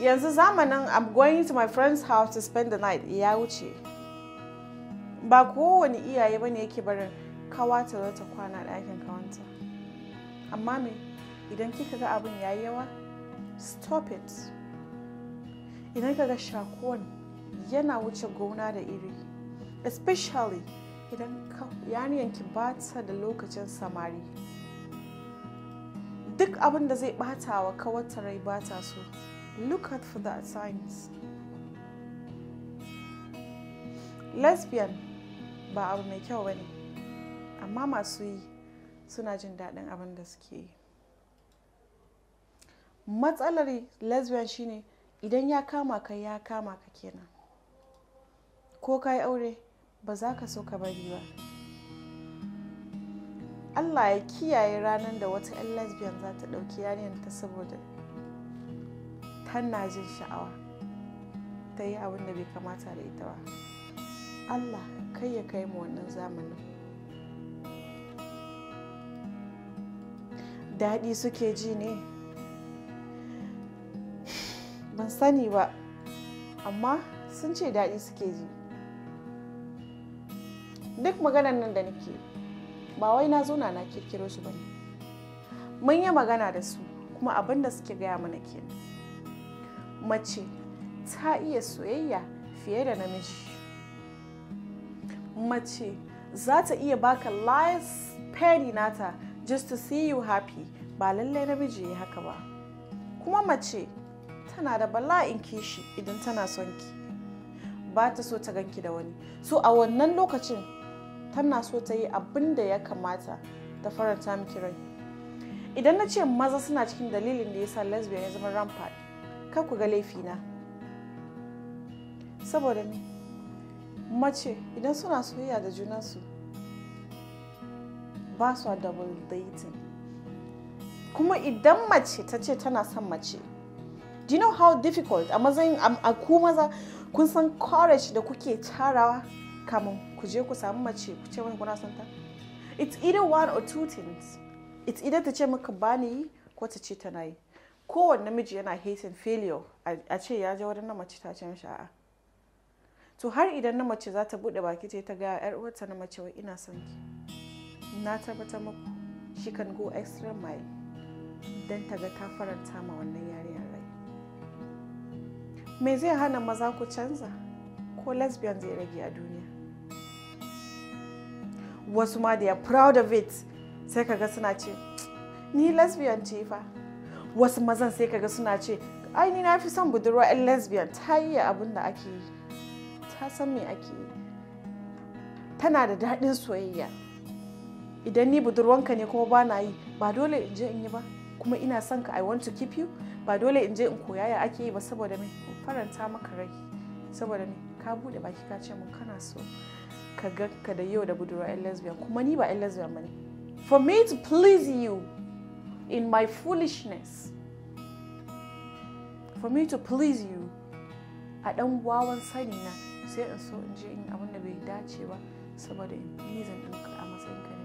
yanzu zamanin i'm going to my friend's house to spend the night ya wuce ba kowane iyaye ba ne yake barin kawa ta zo ta kwana ɗakin kawanta amma me idan kika ga abin yi yawa stop it idan ka ga shakuwan yana wuce gona da iri especially idan yanki ba ta da lokacin samari duk abin da zai ɓata wa kawatarai rai ba ta so Look out for that signs. Lesbian ba abu mai kyau bane, amma masu yi suna jin daɗin abin da suke yi. Matsalar lesbian shine idan ya kama ka ya kama ka kenan. Ko ka yi aure ba za ka so ka bari ba. Allah ya kiyaye ranar da wata 'yan lesbian za ta ɗauki yanayin ta saboda har na jin sha'awa ta yi abin da bai kamata da ita ba allah kai ya kai mu wannan zamanin daɗi suke ji ne ban sani ba amma sun ce daɗi suke ji duk maganar nan da nake ba wai na zo na kirkiro su ba ne mun yi magana da su kuma abin da suke gaya mana kenan mace ta iya soyayya fiye da namiji mace za ta iya baka lies peri nata just to see you happy ba lallai namiji ya haka ba kuma mace tana da bala'in kishi idan tana son ki ba ta so ta ganki da wani so a wannan lokacin tana so ta yi abin da ya kamata ta faranta miki rai idan na ce maza suna cikin dalilin da ya sa lesbian ya zama rampart kar ku ga laifina saboda ne mace idan suna soyayya da junansu ba su double dating kuma idan mace ta ce tana son mace do you know how difficult a matsayin a ku maza kun san courage da kuke tarawa kamun ku je ku samu mace ku ce wani kuna son ta it's either one or two things it's either ta ce maka bani yi ko ta ce tana yi kowane namiji yana hatin failure a ce ya je wurin na mace ta ce mishi to har idan na mace za ta bude baki ta ta ga yar uwarta na mace wai ina son ki na tabbatar muku she can go extra mile dan ta ga ta faranta ma wannan yarinyar rai me zai hana maza ku canza ko lesbian zai rage a duniya wasu ma da ya proud of it sai ka ga suna ce ni lesbian ce fa wasu mazan sai kaga suna ce ai ni na fi son budurwa 'yan lesbian ta yi abin da ake yi ta san me ake yi tana da daɗin soyayya idan ni budurwanka ne kuma ba na yi ba dole in je in yi ba kuma ina son ka i want to keep you ba dole in je in koya ya ake yi ba saboda me faranta maka rai saboda me ka bude baki ka ce mun kana so ka ga ka da yau da budurwa 'yan lesbian kuma ni ba 'yan lesbian ba ne for me to please you in my foolishness. For me to please you, I don't want one signing. Say, so, I want to be that she was somebody. Please, and look, I'm a